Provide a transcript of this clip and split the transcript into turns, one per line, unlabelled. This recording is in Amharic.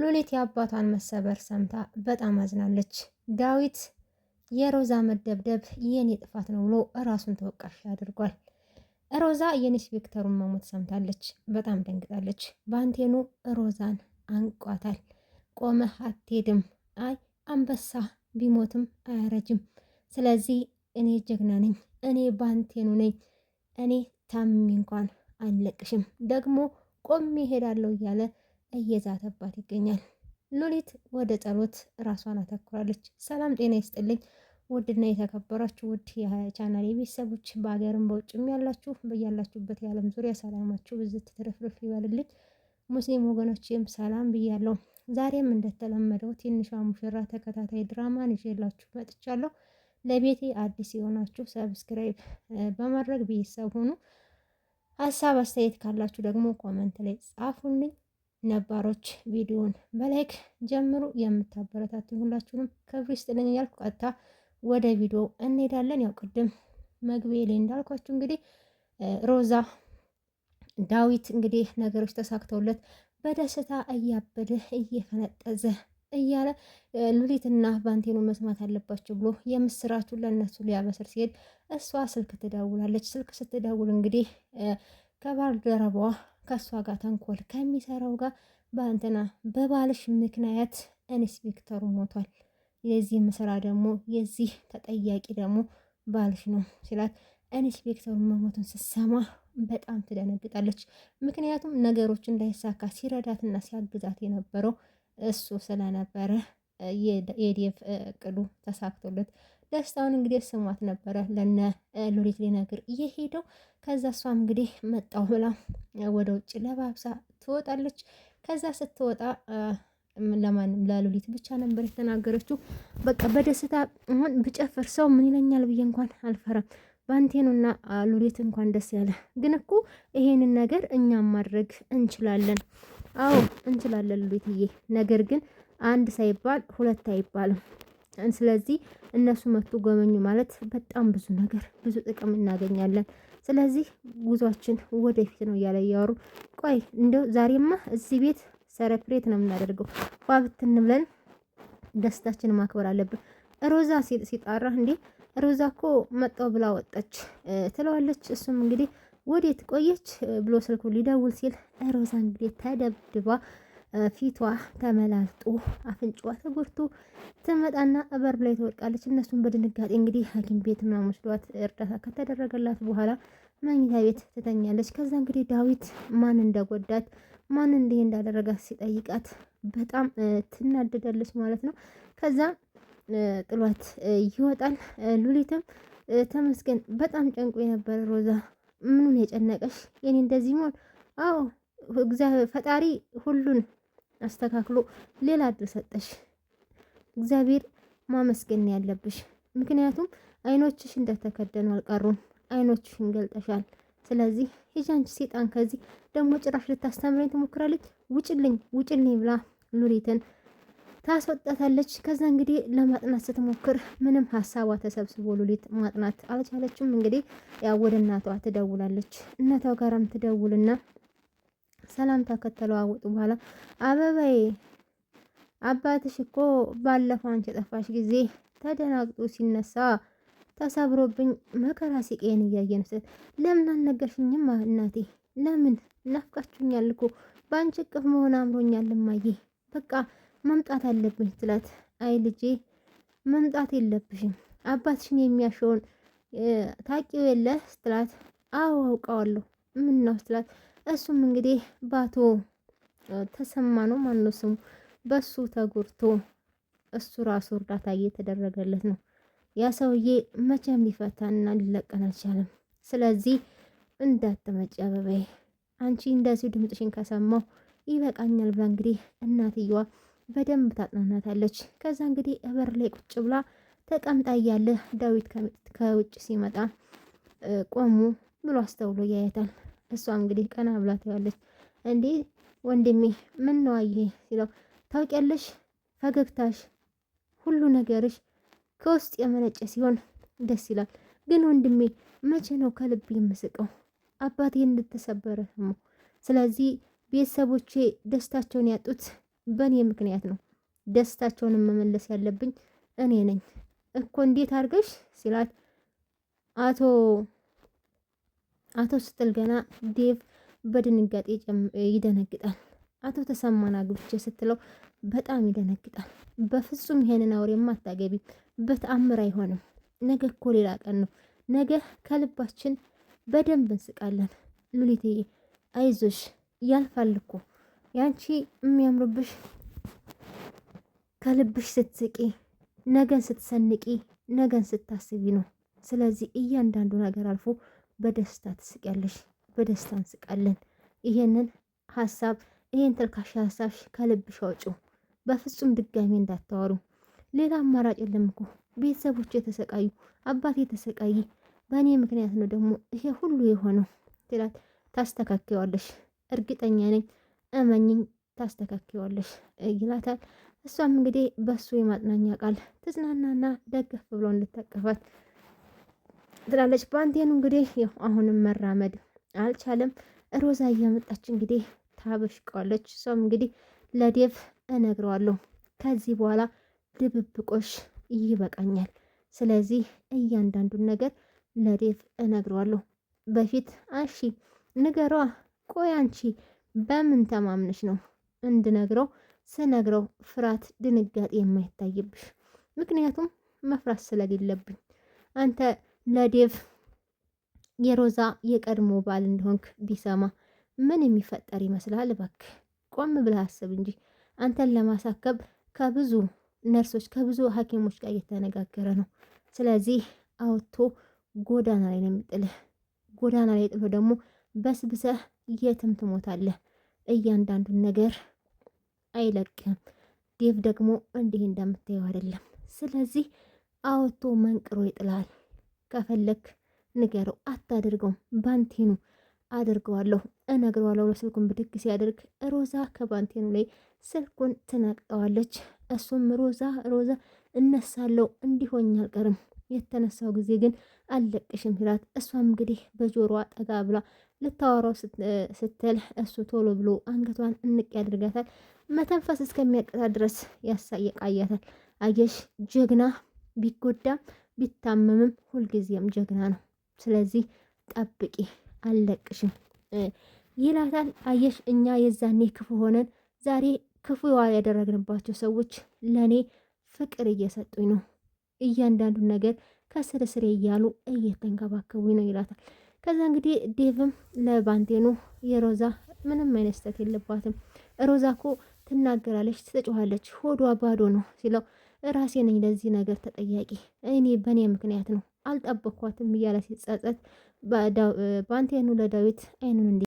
ሉሊት የአባቷን መሰበር ሰምታ በጣም አዝናለች። ዳዊት የሮዛ መደብደብ የኔ ጥፋት ነው ብሎ ራሱን ተወቃሽ አድርጓል። ሮዛ የኢንስፔክተሩን መሞት ሰምታለች። በጣም ደንግጣለች። በአንቴኑ ሮዛን አንቋታል። ቆመ አትሄድም። አይ አንበሳ ቢሞትም አያረጅም። ስለዚህ እኔ ጀግና ነኝ፣ እኔ ባንቴኑ ነኝ፣ እኔ ታሚ እንኳን አልለቅሽም፣ ደግሞ ቆሜ እሄዳለሁ እያለ እየዛተባት ይገኛል። ሉሊት ወደ ጸሎት ራሷን አተኩራለች። ሰላም ጤና ይስጥልኝ ውድና የተከበራችሁ ውድ የቻናል የቤተሰቦች በሀገርም በውጭም ያላችሁ በያላችሁበት የዓለም ዙሪያ ሰላማችሁ ብዝት ትርፍርፍ ይበልልኝ። ሙስሊም ወገኖችም ሰላም ብያለሁ። ዛሬም እንደተለመደው ትንሿ ሙሽራ ተከታታይ ድራማን ይዤላችሁ መጥቻለሁ። ለቤቴ አዲስ የሆናችሁ ሰብስክራይብ በማድረግ ቤተሰብ ሁኑ። ሀሳብ አስተያየት ካላችሁ ደግሞ ኮመንት ላይ ጻፉልኝ። ነባሮች ቪዲዮን በላይክ ጀምሩ። የምታበረታትን ሁላችሁንም ክብር ይስጥልኝ እያልኩ ቀጥታ ወደ ቪዲዮ እንሄዳለን። ያው ቅድም መግቢያ ላይ እንዳልኳችሁ እንግዲህ ሮዛ ዳዊት እንግዲህ ነገሮች ተሳክተውለት በደስታ እያበደ እየፈነጠዘ እያለ ሉሊትና ባንቴኑ መስማት አለባቸው ብሎ የምስራቹን ለእነሱ ሊያበስር ሲሄድ እሷ ስልክ ትደውላለች። ስልክ ስትደውል እንግዲህ ከባልደረባዋ ከእሷ ጋር ተንኮል ከሚሰራው ጋር በአንተና በባልሽ ምክንያት ኢንስፔክተሩ ሞቷል። የዚህ ምስራ ደግሞ የዚህ ተጠያቂ ደግሞ ባልሽ ነው ሲላት ኢንስፔክተሩ መሞቱን ስሰማ በጣም ትደነግጣለች። ምክንያቱም ነገሮች እንዳይሳካ ሲረዳትና ሲያግዛት የነበረው እሱ ስለነበረ የዴቭ እቅዱ ተሳክቶለት ደስታውን እንግዲህ ስሟት ነበረ ለነ ሉሊት ሊነግር እየሄደው። ከዛ እሷም እንግዲህ መጣው ብላ ወደ ውጭ ለባብሳ ትወጣለች። ከዛ ስትወጣ ለማንም ለሉሊት ብቻ ነበር የተናገረችው። በቃ በደስታ አሁን ብጨፍር ሰው ምን ይለኛል ብዬ እንኳን አልፈራም። ባንቴኑና ሉሊት እንኳን ደስ ያለ። ግን እኮ ይሄንን ነገር እኛም ማድረግ እንችላለን። አዎ እንችላለን ሉሊትዬ። ነገር ግን አንድ ሳይባል ሁለት አይባልም። ስለዚህ እነሱ መጥቶ ጎበኙ ማለት በጣም ብዙ ነገር ብዙ ጥቅም እናገኛለን። ስለዚህ ጉዟችን ወደፊት ነው እያለ እያወሩ ቆይ እንደው ዛሬማ እዚህ ቤት ሰረፕሬት ነው የምናደርገው ባብትን ብለን ደስታችን ማክበር አለብን። ሮዛ ሲጣራ እንዴ ሮዛ እኮ መጣው ብላ ወጣች ትለዋለች። እሱም እንግዲህ ወዴት ቆየች ብሎ ስልኩ ሊደውል ሲል ሮዛ እንግዲህ ተደብድባ ፊቷ ተመላልጦ አፍንጫዋ ተጎድቶ ትመጣና በር ላይ ትወድቃለች። እነሱም በድንጋጤ እንግዲህ ሐኪም ቤት ምናምን ወስዷት እርዳታ ከተደረገላት በኋላ መኝታ ቤት ትተኛለች። ከዛ እንግዲህ ዳዊት ማን እንደጎዳት ማን እንዲህ እንዳደረጋት ሲጠይቃት በጣም ትናደዳለች ማለት ነው። ከዛ ጥሏት ይወጣል። ሉሊትም ተመስገን በጣም ጨንቆ የነበረ ሮዛ ምኑን የጨነቀሽ የኔ እንደዚህ መሆን? አዎ ፈጣሪ ሁሉን አስተካክሎ ሌላ እድል ሰጠሽ። እግዚአብሔር ማመስገን ያለብሽ፣ ምክንያቱም አይኖችሽ እንደተከደኑ አልቀሩም። አይኖችሽን ገልጠሻል። ስለዚህ የጃንች ሴጣን ከዚህ ደግሞ ጭራሽ ልታስተምረኝ ትሞክራለች። ውጭልኝ ውጭልኝ ብላ ኑሪትን ታስወጣታለች። ከዛ እንግዲህ ለማጥናት ስትሞክር ምንም ሀሳቧ ተሰብስቦ ሉሊት ማጥናት አልቻለችም። እንግዲህ ያው ወደ እናቷ ትደውላለች። እናቷ ጋራም ትደውልና ሰላምታ ከተለዋወጡ በኋላ አበባዬ አባትሽ እኮ ባለፈው አንቺ ጠፋሽ ጊዜ ተደናግጦ ሲነሳ ተሰብሮብኝ መከራ ሲቀየን እያየ ነው። ለምን አልነገርሽኝም እናቴ? ለምን ናፍቃችሁኛል እኮ በአንቺ እቅፍ መሆን አምሮኛል እማዬ። በቃ መምጣት አለብኝ ስላት፣ አይ ልጄ መምጣት የለብሽም አባትሽን የሚያሸውን ታቂው የለ ስትላት፣ አዎ አውቀዋለሁ። ምን ነው ስትላት እሱም እንግዲህ ባቶ ተሰማ ነው ማነው ስሙ፣ በሱ ተጉርቶ እሱ ራሱ እርዳታ እየተደረገለት ነው። ያ ሰውዬ መቼም ሊፈታና ሊለቀን አልቻለም። ስለዚህ እንዳትመጪ አበባዬ፣ አንቺ እንደዚሁ ድምፅሽን ከሰማው ይበቃኛል ብላ እንግዲህ እናትየዋ በደንብ ታጥናናታለች። ከዛ እንግዲህ እበር ላይ ቁጭ ብላ ተቀምጣ እያለ ዳዊት ከውጭ ሲመጣ ቆሙ ብሎ አስተውሎ ያያታል። እሷ እንግዲህ ቀና ብላ ታያለች። እንዴ ወንድሜ ምን ነው አየ ሲለው ታውቂያለሽ፣ ፈገግታሽ ሁሉ ነገርሽ ከውስጥ የመነጨ ሲሆን ደስ ይላል። ግን ወንድሜ መቼ ነው ከልብ የምስቀው? አባቴ እንደተሰበረ ነው። ስለዚህ ቤተሰቦቼ ደስታቸውን ያጡት በእኔ ምክንያት ነው። ደስታቸውን መመለስ ያለብኝ እኔ ነኝ እኮ እንዴት አድርገሽ ሲላት አቶ አቶ ስትል ገና ዴቭ በድንጋጤ ይደነግጣል። አቶ ተሰማን አግብቼ ስትለው በጣም ይደነግጣል። በፍጹም ይሄንን አውሬ የማታገቢ በተአምር አይሆንም። ነገ እኮ ሌላ ቀን ነው። ነገ ከልባችን በደንብ እንስቃለን። ሉሊቴ አይዞሽ፣ ያልፋል እኮ ያንቺ የሚያምርብሽ ከልብሽ ስትስቂ፣ ነገን ስትሰንቂ፣ ነገን ስታስቢ ነው። ስለዚህ እያንዳንዱ ነገር አልፎ በደስታ ትስቅያለሽ፣ በደስታ እንስቃለን። ይሄንን ሀሳብ ይሄን ተልካሽ ሀሳብሽ ከልብሽ አውጪው። በፍጹም ድጋሜ እንዳታወሩ። ሌላ አማራጭ የለም እኮ ቤተሰቦች የተሰቃዩ አባት የተሰቃይ በእኔ ምክንያት ነው ደግሞ ይሄ ሁሉ የሆነው ትላት። ታስተካክዋለሽ፣ እርግጠኛ ነኝ፣ እመኝኝ፣ ታስተካክዋለሽ ይላታል። እሷም እንግዲህ በሱ የማጥናኛ ቃል ትዝናናና ደገፍ ብሎ እንድታቀፋት ትላለች። ባንቴኑ እንግዲህ ያው አሁንም መራመድ አልቻለም። ሮዛ እያመጣች እንግዲህ ታበሽቀዋለች። እሷም እንግዲህ ለዴቭ እነግረዋለሁ ከዚህ በኋላ ድብብቆሽ ይበቃኛል። ስለዚህ እያንዳንዱን ነገር ለዴቭ እነግረዋለሁ። በፊት እሺ ንገሯ። ቆይ አንቺ በምን ተማምነሽ ነው እንድነግረው ስነግረው ፍርሃት፣ ድንጋጤ የማይታይብሽ? ምክንያቱም መፍራት ስለሌለብኝ አንተ ለዴቭ የሮዛ የቀድሞ ባል እንደሆንክ ቢሰማ ምን የሚፈጠር ይመስላል? ባክ ቆም ብለህ አስብ እንጂ አንተን ለማሳከብ ከብዙ ነርሶች ከብዙ ሐኪሞች ጋር እየተነጋገረ ነው። ስለዚህ አውቶ ጎዳና ላይ ነው የሚጥልህ። ጎዳና ላይ ጥሎ ደግሞ በስብሰህ የትም ትሞታለህ። እያንዳንዱን ነገር አይለቅም ዴቭ ደግሞ እንዲህ እንደምታየው አይደለም። ስለዚህ አውቶ መንቅሮ ይጥላል። ከፈለክ ንገረው፣ አታደርገው፣ ባንቴኑ አደርገዋለሁ፣ እነግረዋለሁ። ስልኩን ብድግ ሲያደርግ ሮዛ ከባንቴኑ ላይ ስልኩን ትነቅጠዋለች። እሱም ሮዛ ሮዛ እነሳለሁ እንዲሆኝ አልቀርም የተነሳው ጊዜ ግን አልለቅሽም ሲላት፣ እሷም እንግዲህ በጆሮዋ ጠጋ ብላ ልታወራው ስትል እሱ ቶሎ ብሎ አንገቷን እንቅ ያደርጋታል። መተንፈስ እስከሚያቀጣ ድረስ ያሳየቃያታል። አየሽ ጀግና ቢጎዳም ቢታመምም ሁልጊዜም ጀግና ነው። ስለዚህ ጠብቂ፣ አልለቅሽም ይላታል። አየሽ እኛ የዛኔ ክፉ ሆነን ዛሬ ክፉ ያደረግንባቸው ሰዎች ለእኔ ፍቅር እየሰጡኝ ነው። እያንዳንዱን ነገር ከስር ስሬ እያሉ እየተንከባከቡኝ ነው ይላታል። ከዛ እንግዲህ ዴቭም ለባንቴኑ የሮዛ ምንም አይነት ስህተት የለባትም ሮዛ እኮ ትናገራለች፣ ትጮኋለች፣ ሆዷ ባዶ ነው ሲለው ራሴ ነኝ ለዚህ ነገር ተጠያቂ፣ እኔ በእኔ ምክንያት ነው፣ አልጠበኳትም እያለ ሲጸጸት ባንቴኑ ለዳዊት አይኑን እንዲ